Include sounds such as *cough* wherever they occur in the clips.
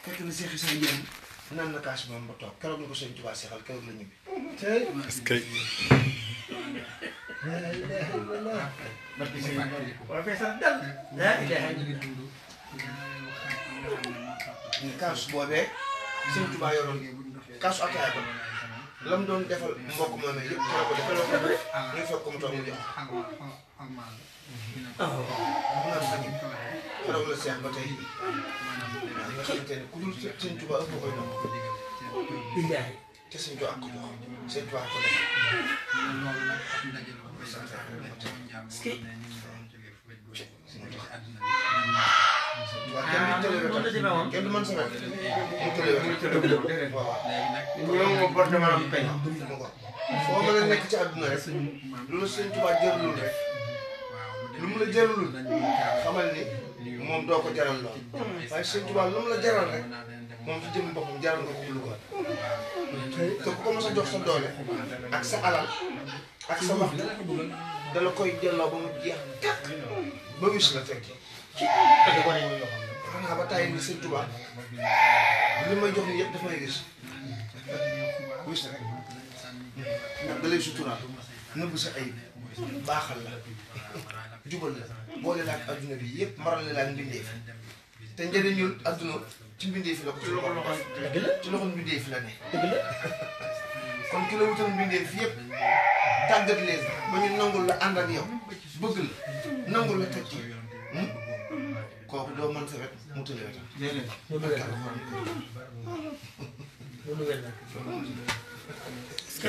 fekk na Cheikh Issa Dieng naan na kaas moom toog keroog la ko sëñ Tuubaa seexal keroog la ñibbi. tey ce que. waaw fay sax dal. kaas boobee. sëñ Tuubaa yoroon kaasu ak ay la doon defal mbokk moom it yëpp keroog defaloo fekk ko toog mu jox. Ah. keroog la seex ba tey. nga xamante ne ku dul sëñ Tuba ëpp koy doon. billaahi te sëñ Tuba ak ko jox sëñ Tuba ko def. est-ce que. waaw kenn du mën sa bopp. foo mën a nekk ci àdduna rek lu la sëñ Tuba jërlul rek lu mu la jërlul xamal ni. moom doo ko jaral lool waaye sëñ Tuubaa lu mu la jaral rek moom ci jëm boppam jaral nga ko ci Louga te ku ko mos a jox sa doole ak sa alal ak sa waxtu dala koy delloo ba mu jeex ba wis la fekk da ko reñu yoo xam naa ba tàyyi ni sëñ Tuubaa li may jox ni yëpp dafay wis wis rek ndax suturaal nëbb sa ayib baaxal la jubal la boole la ak adduna bi yëpp maral la ak mbindeef la ko ci loxo loxo ci loxo mbindeef la ne kon ki la wutal mbindeef yëpp tàggat leen ñu nangul la ànd ak yow bëgg la nangul la toj hmm? kooku doo mën sa wet mu tële wetam est-ce que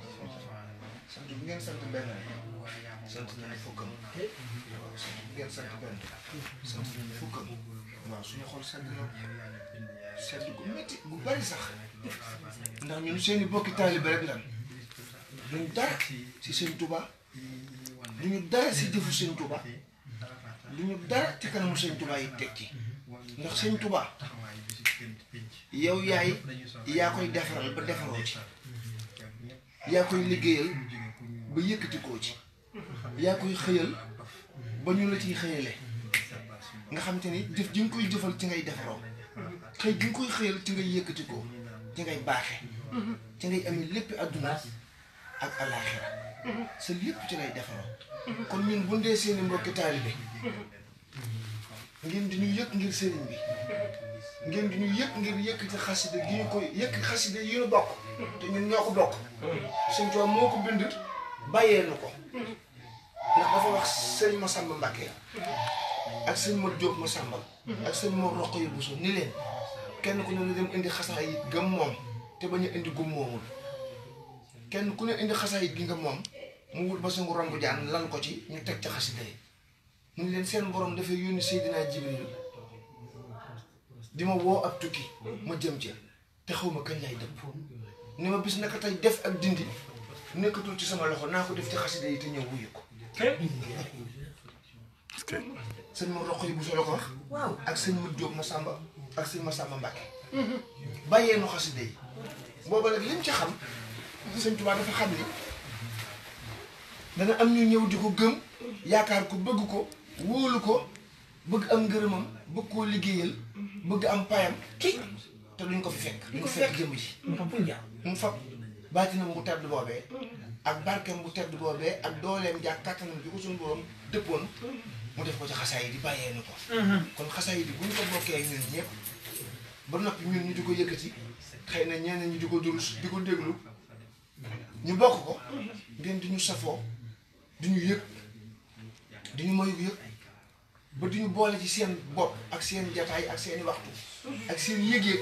sant bu ngeen sant benn sant nañu fukkam waaw sant bu ngeen sant benn sant nañu fukkam waaw suñu xol sedd na sedd gu métti gu bari sax ndax ñun seen i bokki taalibe rek lan duñu dara si seen tuba duñu dara si jëfu seen tuba duñu dara ci kanamu seen tuba yi teg ci ndax seen tuba yow yaay yaa koy defaral ba defaroo ci yaa koy liggéeyal ba yëkkatikoo ci yaa koy xëyal ba ñu la ciy xëyalee nga xam te ni jëf ji nga koy jëfal ci ngay defaroo xëy gi nga koy xëyal ci ngay yëkkatikoo ci ngay baaxe ci ngay amee lépp adduna ak alaaxira sa lépp ci ngay defaroo kon ñun bu ndee seeni mbokki taalibe ngeen di ñu yëg ngir sëriñ bi ngeen di ñu yëg ngir yëkkati xasida gi ñu koy yëkk xasida yi ñu bokk te ñun ñoo ko bokk suñ coow moo ko bind bàyyee na ko ndax dafa wax sëñ Masamba Mbàkke ak sëñ Modou Diop Masamba ak sëñ Mor Roqaya Bousso ni leen kenn ku ne na dem indi xasaay yi gëm moom te bañ a indi gum moomul kenn ku ne indi xasaay yi gi nga moom mu wut ba sangu romb jaan lal ko ci ñu teg ci xasida yi mu ni leen seen borom dafay yónni Seydina Jibril di ma woo ak tukki ma jëm ci te xaw ma kañ lay dëpp ni ma bis naka tey def ak dindi nekkatul ci sama loxo naa ko def ci xasida yi te ñëw wuyu ko. est-ce que. sëñ ma roq yi bu solo ko wax. waaw ak sëñ ma Diop Massamba ak sëñ Massamba Mbacke. Mm-hmm. bàyyee nu xasida yi. booba nag lim ci xam. sëñ Tuubaa dafa xam ni. dana am ñu ñëw di ko gëm. yaakaar ko bëgg ko wóolu ko bëgg am ngërëmam bëgg koo liggéeyal mm-hmm. bëgg am payam ki te duñ ko fi fekk. duñ ko fekk jëm ji. mu fab baatinam bu tedd boobee ak barkeem bu tedd boobee ak dooleem jàkk kàttanam ji ko suñu borom dëppoon mu def ko ci xasaay yi di bàyyee ni ko mhm. kon xasaay yi di bu ñu ko bokkee ñun ñëpp ba noppi ñun ñu di ko yëkkati xëy na ñenn ñu di ko durus di ko déglu ñu bokk ko ngeen di ñu safoo di ñu yëg di ñu mayu yëg ba di ñu boole ci seen bopp ak seen jataay ak seen waxtu ak seen yëg-yëg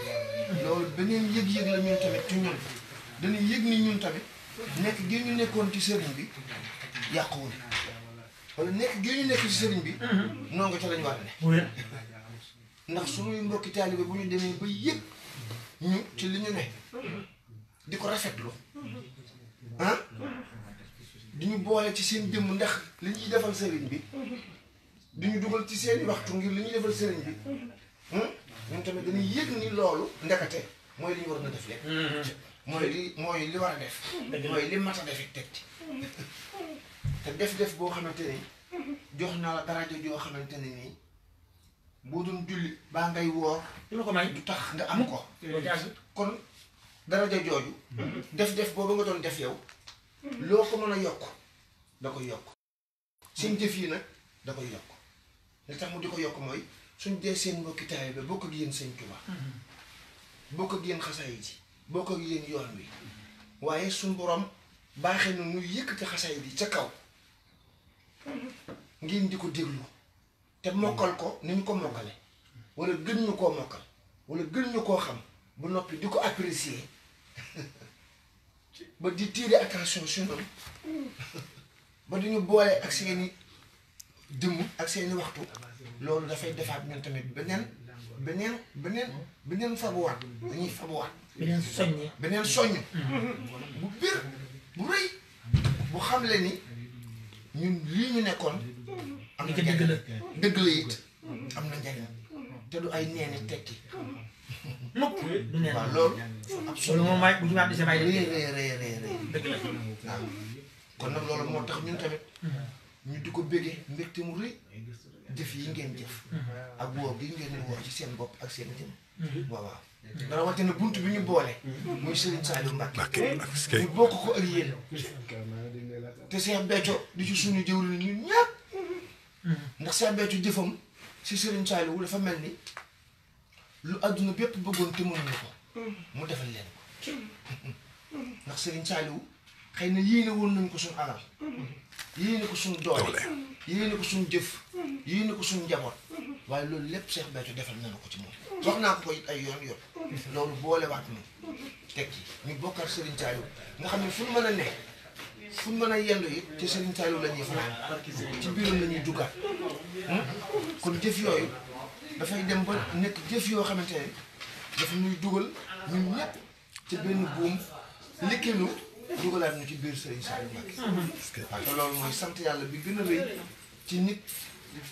loolu beneen yëg-yëg la ñun tamit ci ñun dañuy yëg ni ñun tamit nekk gi ñu nekkoon ci sëriñ bi yàquwul wala nekk gi ñu nekk ci sëriñ bi mhm. noo nga ca lañ war a ne ndax mbokki taalibe bu ñu demee ba yëg ñu ci li ñu ne di ko rafetlu ah di ñu boole ci seen jëmm ndax li ñuy defal sëriñ bi di ñu dugal ci seeni waxtu ngir li ñuy defal sëriñ bi hmm? ñun tamit dañuy yëg ni loolu ndekate mooy li ñu waroon a def lépp mhm. mooy li mooy li war a def. mooy li mat defe def it teg ci. te def-def boo xamante ni jox naa la daraja joo xamante ne nii boo doon julli baa ngay woor. lu ko may du tax nga am ko. kon daraja jooju. def-def boobu nga doon def yow. loo ko mën a yokk da ko yokk. suñ jëf yii nag da koy yokk li tax mu di ko yokk mooy suñ dee seen mbokki taay ba bokk ak yéen seen Tuubaa. bokk ak yéen xasaay ji. boko gi len yoon wi waye sun borom baxé na nu yëkkati xassay bi ca kaw ngeen diko ko déglu te mokkal ko niñ ko mokalé wala gën ñu ko mokal wala gën ñu ko xam bu nopi di ko apprécier ba di tiré attention su ñoom ba di ñu boole ak seeni dëmm ak seeni waxtu loolu fay defaat ñun tamit benen benen fa beneen wat dañuy wat beneen soññe beneen soññe mm-hmm. bu biir bu rëy bu xam le ni ñun lii ñu nekkoon am na dëgg la dëgg la it am na njariñ te du ay neeni tekki mukk du neen waaw loolu absolu moom may bu kon nag loolu moo tax ñun tamit mm-hmm. ñu di ko bégee mbégte mu rëy jëf yi ngeen jëf mm-hmm. ak woo gi ngeen woo ci seen bopp ak seen jëm waaw rawatina buntu bi ñu boole. muy Serigne Saliou Mbacké. ñu bokk ko ak yéen. te Cheikh Béthio di ci suñu jëwlu ñun ñëpp. ndax Cheikh Béthio jëfam si Serigne Saliou dafa mel ni lu àdduna bépp bëggoon te mënuñu ko. mu defal leen ko. ndax Serigne Saliou xëy na ne woon nañ ko suñu alal. yéene ko suñu doole. yéene ko suñu jëf. yéene ko suñu njaboot. waaye loolu lépp Cheikh Béthio defal na ko ci moom. wax naa ko it ay yoon yoon loolu boolewaat ñu teg ci ñu bokkal Serigne Thialou nga xam ne fu ñu a ne fu ñu mën a yendu it te Serigne Thialou la ñuy fanaan ci biiram la ñuy duggaat hmm? kon jëf yooyu dafay dem ba nekk jëf yoo xamante ne dafa muy dugal ñun ñëpp ci benn buum likkinu dugalaat ñu ci biir Serigne Saliou Mbacké waaw te loolu mooy sant yàlla bi gën a rëy ci nit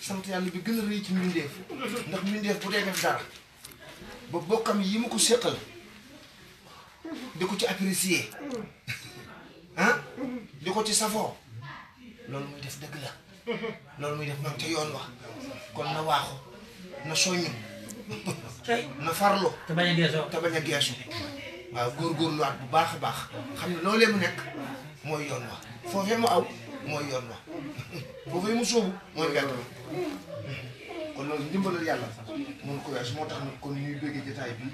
sant yàlla bi gën a rëy ci mbindeef ndax mbindeef bu dee def dara ba bokkam yi mu ko séqal di ko ci apprécier ah di ko ci safoo loolu muy def dëgg la loolu muy def man ca yoon wax kon na waaxu na soññu *laughs* na farlu te bañ a geesu te bañ a geesu bu baax a baax xam ne loolee mu nekk mooy yoon wax foofee mu aw mooy yoon wax *laughs* foofee mu sóobu mooy gàtt kon loolu ndimbalal yàlla moom courage moo tax nag kon ñuy bëggee jotaay bi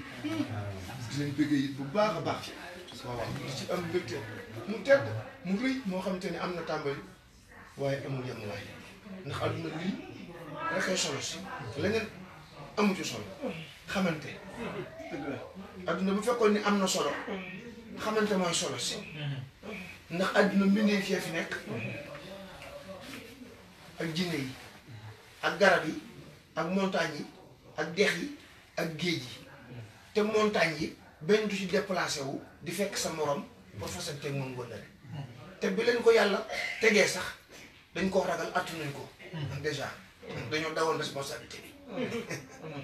dinañ bëggee it bu baax a baax waaw waaw ci am mbégte mu tedd mu rëy moo xamante te ne am na tàmbali waaye amul yem waay ndax àdduna lii rekk solo si leneen amu ci solo xamante àdduna bu fekkoon ni am na solo xamante mooy solo si ndax àdduna mbindee fee fi nekk yi ak garab yi ak montagne yi ak dex yi ak géej yi te montagne yi benn du ci déplacé wu di fekk sa morom pour fasante moom wëllëre te bi leen ko yàlla tegee sax dañ koo ragal attanuñ ko mm-hmm. déjà dañoo dawoon responsabilité bi mm-hmm.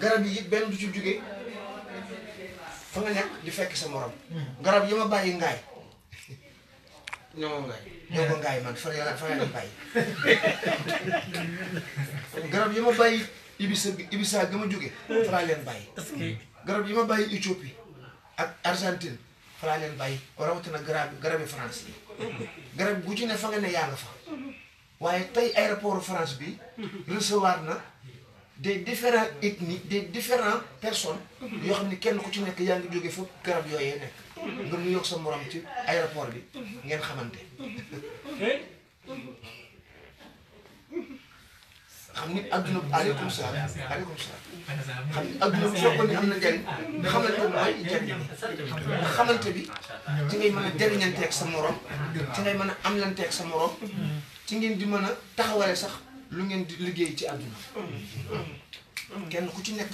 garab yi it benn du ci jóge fa nga nekk di fekk sa morom mm-hmm. garab yi ma bàyyi ngaay ñoo ngaay ñoo ngaay man fa la fa la *laughs* garab yi ma bàyyi ibisa ibisa ma jóge leen bàyyi garab yi ma bàyyi Éthiopie ak Argentine fa laa leen bàyyi rawatina garab garabi France yi garab gu ci ne fa nga ne yaa fa waaye tey aéroport France bi recevoir na des différents ethnies des différents personne yoo xam ne kenn ku ci nekk yaa ngi jóge fa garab yooyee nekk nga nuyoog sa morom ci aéroport bi ngeen xamante xam ni adduna aleykum salaam aleykum salaam xam ni adduna bu fekkoon ne am na njariñ xamante mooy njariñ bi xamante bi ci ngay mën a jariñanteeg sa morom ci ngay mën a am amlanteeg sa morom ci ngeen di mën a taxawale sax lu ngeen di liggéey ci adduna kenn ku ci nekk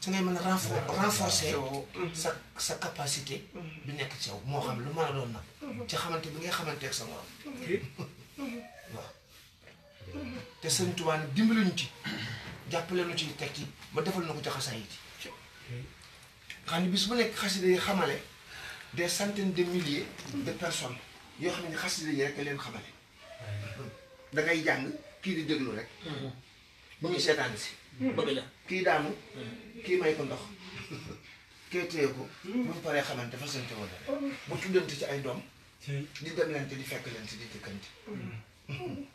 ci ngay mën a renfor renforcer mm-hmm. sa sa capacité mm-hmm. bi nekk ci yow moo xam lu mën a doon nag mm-hmm. ci xamante bi ngay xamanteeg sa morom waaw te sëñ Tuubaa dimbali ñu ci jàppale ñu ci tekki ma defal na ko ci xasaayit yi xam ne bis bu nekk xasida yi xamale des centaines de milliers de personnes yoo xam ne xasida yi rek leen xamale da ngay jàng kii di déglu rek bu ñu seetaan si bëgg kii daanu hmm. kii may ko ndox kee téye ko hmm. bu ñu paree xamante dafa sante woon bu tuddante ci ay doom di dem lente di fekk leen lente di dëkkante hmm.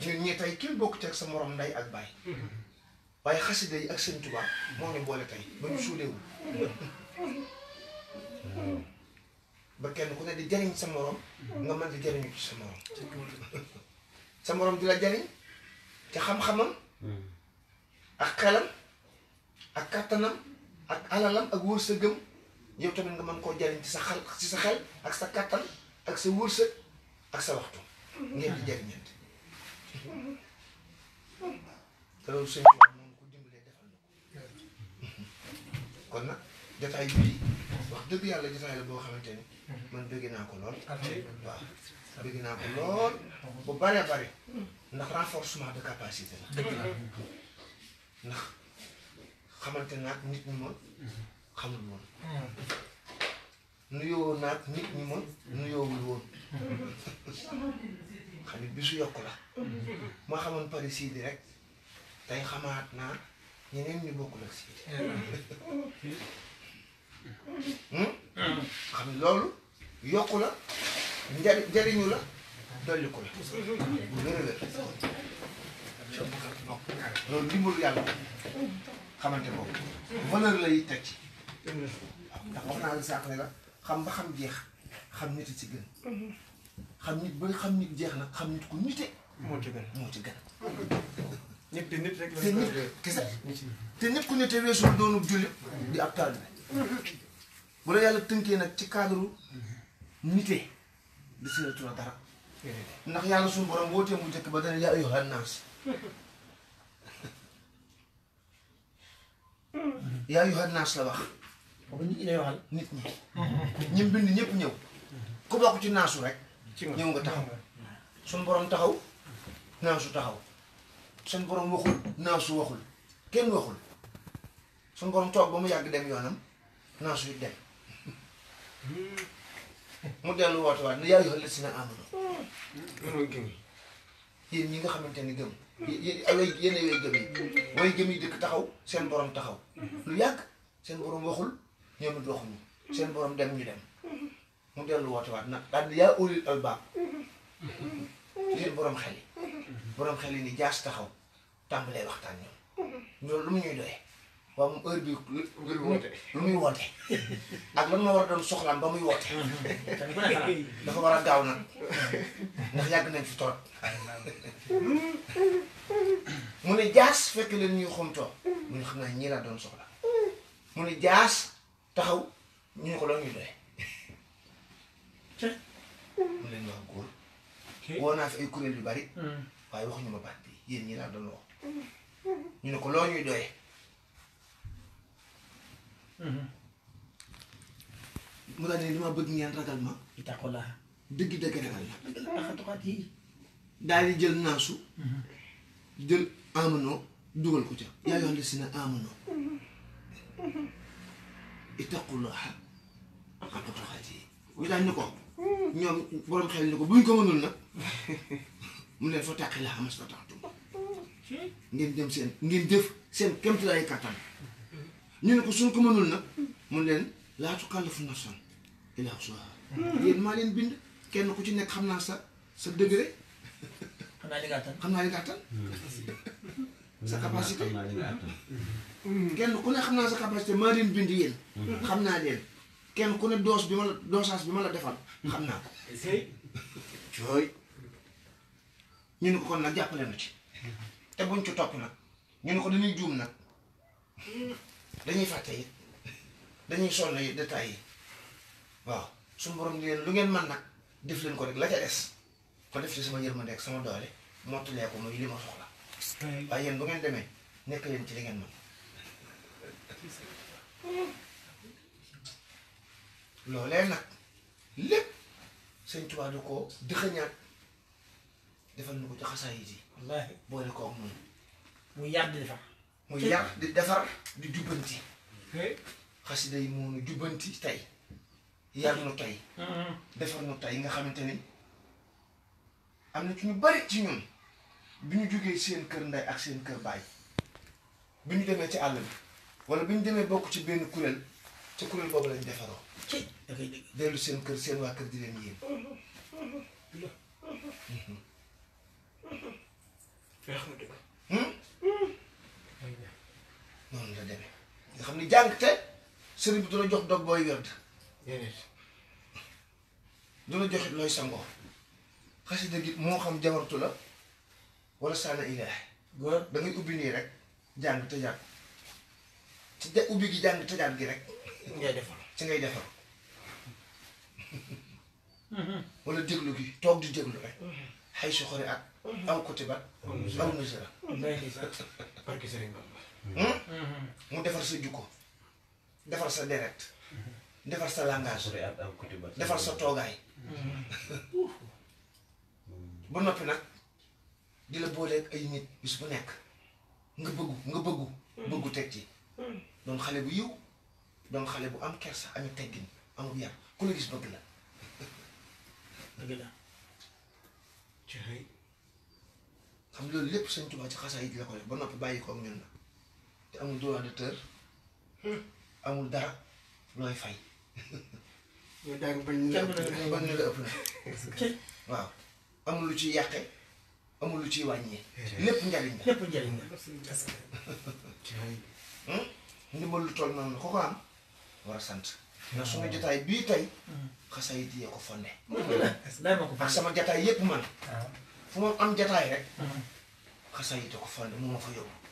ñun ñi tey kenn bokk teg sa moroom nday ak baay waaye xasida yi ak seen tubaab moo ñu boole tey ba ñu suuleewu ba kenn ku ne di jariñ sa moroom nga mën di jariñu ci sa moroom *laughs* sa morom di la jariñ te xam-xamam ak xelam ak kàttanam ak alalam ak wërsëgam yow tamit nga mën koo jariñ ci sa xel ci sa xel ak sa kàttan ak sa wërsëg ak sa waxtu ngeen di jariñante loolu sëñ bi moom dimbalee defal na ko nag jotaay bii wax dëgg yàlla jotaay la boo xamante ni man bëgg naa ko lool waaw bëgg naa ko lool bu bare bare ndax renforcement de capacité la. dëgg ndax xamante naag nit ñi ma xamul woon. Hmm. nuyoo naag nit ñi ma nuyoowul woon. Hmm. xamit bi su yokk la. ma hmm. xamoon pare siidi rek tey xamaat naa ñeneen ñu bokkul ak siidi. xam loolu yokku la njariñu la. doylu ko la. loolu dimbalu yàlla xamante boobu valeur lay teg ci. ndax wax naa la saako ne la xam ba xam jeex xam nit ci gën. xam nit ba xam nit jeex nag xam nit ku nite. moo ci gën moo ci gën. nit te nit rek la nit ku doonu jullit di ab taalibe bu la yàlla tënkee nag ci cadre nite. di si la dara. ndax yàlla suñu borom wootee mu njëkk ba dana yaa ayyuhan naas yaa ayyuhan la wax. nit ñi lay bind ñëpp ñëw. ku bokk ci naasu rek. ñëw nga taxaw suñu borom taxaw naasu taxaw. suñu borom waxul naasu waxul kenn waxul suñu borom toog ba mu yàgg dem yoonam naasu yi dem. mu dellu woote waat ne yaa ngi xel na. yéen ñi nga xamante ni gëm. yéen ay yéen ay gëm yi. way gëm yi dëkk taxaw seen borom taxaw. lu yàgg seen borom waxul ñoom it seen borom dem ñu dem. mu dellu woote waat nag daal di yaa ulil albaab. borom xel yi. borom xel yi ni jaas taxaw tàmbalee waxtaan ñoom. loolu lu mu ñuy doyee. waaw moom heure bii lu lu muy woote *laughs* ak lan ma war a doon soxlaam ba muy woote *laughs* dafa war a gaaw nag ndax yàgg nañ fi torop mu ne jaas fekk leen ñuy xomtoo mu ne xam naa ñii laa doon soxla mu ne jaas taxaw ñu ne ko loolu ñu doy mu leen wax góor woo naa fi ay kuréel yu bari hmm. waaye waxuñu ma baat bi yéen ñii laa doon wax ñu ne ko loo ñuy doyee Mhm. mu ne li ma bëgg ngeen ragal ma. itaqullah dëgg jël naasu. Mhm. jël amanoo dugal ko ca. yaa si ko. ñoom borom ngeen dem seen ngeen def seen kéemtulaay kattan. ñu ne ko suñ ko mënul nag mun leen laa tukallifu nafsan illaa wus'ahaa yéen maa leen bind kenn ku ci nekk xam naa sa sa degré xam naa li nga xam naa li nga attan sa capacité kenn ku ne xam naa sa capacité maa leen bind yéen xam naa leen kenn ku ne doos bi ma la dosage bi ma la defal xam naa ko cooy ñu ne ko kon nag jàppale na ci te buñ ci topp nag ñu ne ko dañuy juum nag dañuy fàtte it dañuy sonn yi détails yi waaw suñu borom ni leen lu ngeen man nag def leen ko rek la ca des ko def ci sama yërmande ak sama doole mottalee ko muy li ma soxla waaye yéen bu ngeen demee nekk leen ci li ngeen man loolee nag lépp sëñ Tuubaa ko dëxëñaat defal nu ko ci xasaayit yi boole ko ak moom mu yàgg di muy yar di defar di jubbanti eh? xasida yi moo nu jubbanti tey yar nu tey mm-hmm. defar nu tey nga xamante ni am na ci ñu bari ci ñun bi ñu jógee seen kër ndey ak seen kër baay bi ñu demee ci àll bi wala bi ñu demee bokk ci benn kuréel ci kuréel boobu lañ defaroo dellu seen kër seen waa kër di leen yéen mm-hmm. mm-hmm. feex na dëgg hmm? noonu la demee nga xam ne jàng te sëriñ bi du la jox dog booy wérd déedéet du la joxit looy sangoo xasida gi moo xam jawartu la wala saana ilaah góor da ubbi nii rek jàng tëjaat ci ja ubbi gi jàng tëjaat gi rek ngay defar ci ngay defar mm-hmm. wala déglu gi toog di déglu rek xay soxori at aw côté bat aw nasira mu defar sa jukko defar sa deret defar sa langage defar sa toogaay ba noppi nag di la booleeg ay nit bis bu nekk nga bëggu nga bëggu teg ci doon xale bu yiw doon xale bu am kersa ami teggin amul yar ku la gis bëgg la xam loolu lépp sëñ Tuubaa ci xasaa yi di la ko def ba noppi bàyyi ko ak ñun na te amul droit d'auteur amul dara looy fay. yow daa bañ ñu la ëpp na waaw amul lu ciy yàqe amul lu ciy wàññee. lépp njariñ la lépp njariñ la. Hmm? ndimbal lu toll noonu ko ko am war a sant. ndax suma ah. jotaay bii tey. Hmm. xasayit yee ko fonde. ak sama jotaay yépp man. Ah. fu ma am jotaay rek. Hmm. xasayit ko fonde mu ma fa yóbbu.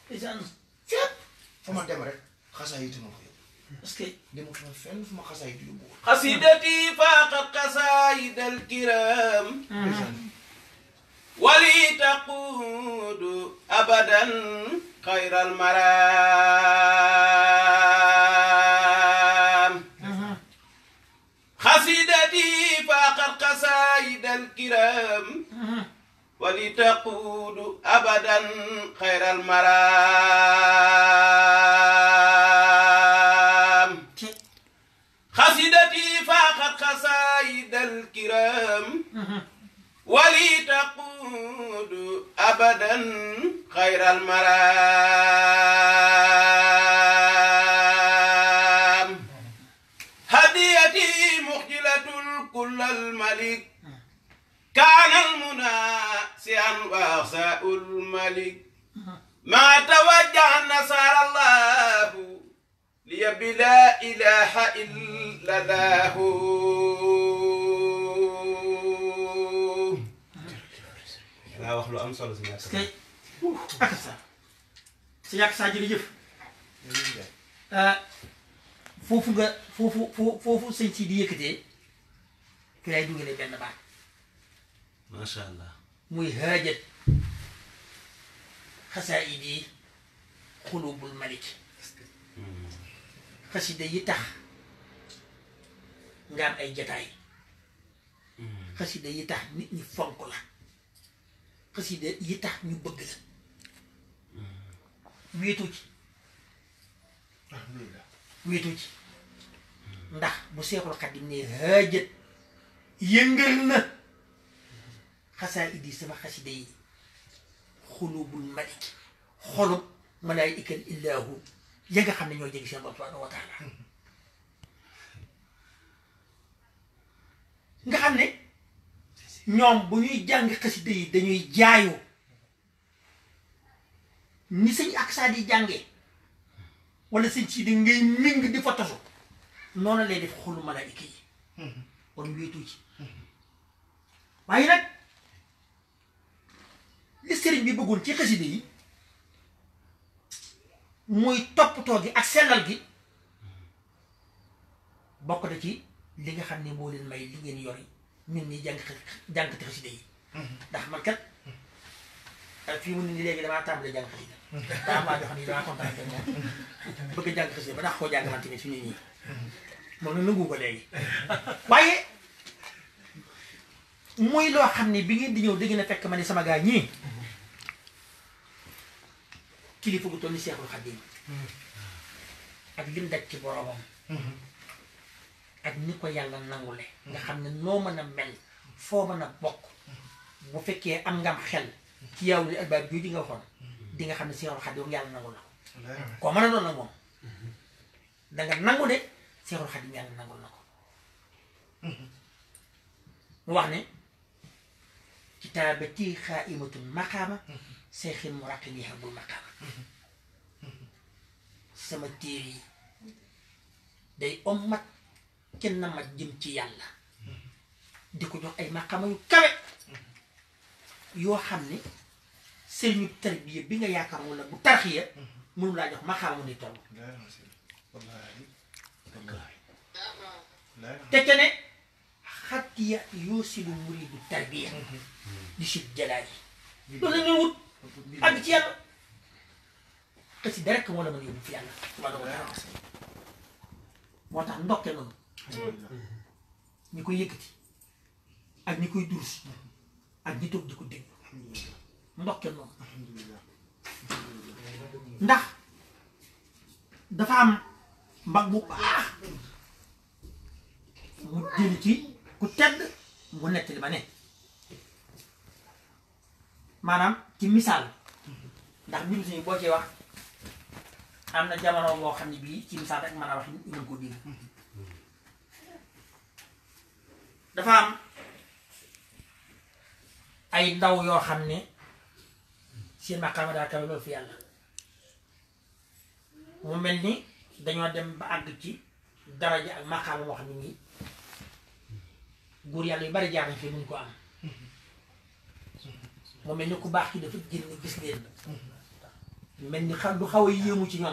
fu ma dem rek xasaayitu ma ko yóbbu. est-ce que demu fa fenn fu ma xasaayitu yóbbu. xasidati faqat xasaayidal kiram. wali taqudu abadan xayral maraam. Mhm. xasidati faqat xasaayidal kiram. ولتقود أبدا خير المرام خسدتي فاق خسائد الكرام ولتقود أبدا خير المرام هديتي مخجلة كل الملك كان المنا سيان واخساء الملك ما توجه النصارى الله ليبي لا إله إلا ذاه لا وخلو أمس ولا سيناك سيناك سيناك سيناك آه، سيناك سيناك فوفو فوفو فوفو سيتي ديكتي كلاي دوغي لي بن باك macha allah muy haajat xasaayid yi xulubul malik xasida yi tax nga am ay jataay mm. xasida yi tax nit ñi fonk la xasida yi tax ñu bëgg la mm. wéetu ci alhamdulilah ci ndax bu seexul xadim ne haajat yëngal na xasaa idi sama xasida yi xulubul malik xolub malaayikal illahu ya nga xam ne ñoo jege seen xam ne ñoom bu ñuy jàng xasida yi dañuy jaayu ni sëñ ak saa di jàngee wala sëñ si di ngay ming di fa tosu noonu lay def xolu malaayika yi kon mm-hmm. wéetu ci li sëriñ bi bëggoon ci xaside yi muy toppatoo gi ak sellal gi bokk na ci li nga xam ni moo leen may li ngeen yori ñun ñi jàng jàngati xaside yi ndax man kat euh, fii mu nii léegi damaa tàmbale jàng xasida daa xam ne damaa ba ndax koo jàng man tamit fi moom na nangu ko léegi muy loo xam ne bi ngeen di ñëw da ngeen a fekk ma ne sama gaa kilifa bu toll ni Seexul Xadiim ak lim daj ci boromam ak ni ko yàlla nangule nga xam ne noo mën a mel foo mën a bokk bu fekkee am ngam xel ci yaw li albaab di nga waxoon di nga xam ne Seexul Xadiim yàlla nangul na ko koo mën a doon nag moom danga nangu de Seexul Xadiim yàlla nangul na ko mu wax ne kitaabati xaaimatul maqaama seexin mu raqib yi xagul maqaama sama téer yi day ommat kenn ma mat jëm ci yàlla di ko jox ay maqaama yu kawe yoo xam ne sëriñu tarbiya bi nga yaakaar wala bu tarxiya mënu laa jox maqaama ni toll te kene xatti ya yuusilu muridu tarbiya mm-hmm. Mm-hmm. di si jalaali loolu la ñuy wut àgg ci yàlla xasida rek moo la mën a yóbbu fi yàlla subhaanahu wa taala moo tax ndokke noonu mm-hmm. ñi koy yëkkati ak ñi koy durus ak ñi toog di ko dégg ndokke noonu ndax dafa am mbag bu baax mu jëli ci ku tedd mu nettali ma ne maanaam ci misaal ndax mbiru suñu boo ci wax am na jamono boo xam ne bii ci misaal rek mën a wax ñu ko dégg dafa am ay ndaw yoo xam seen daa kawe loolu fi yàlla mu mel ni dañoo dem ba àgg ci daraja ak maqaama moo xam góor yàlla yu bari jaarañ fi mun ko am *laughs* mu mel ni ku baax ki dafa génn gis leen *laughs* mel ni xam du xaw a yéemu ci ñoom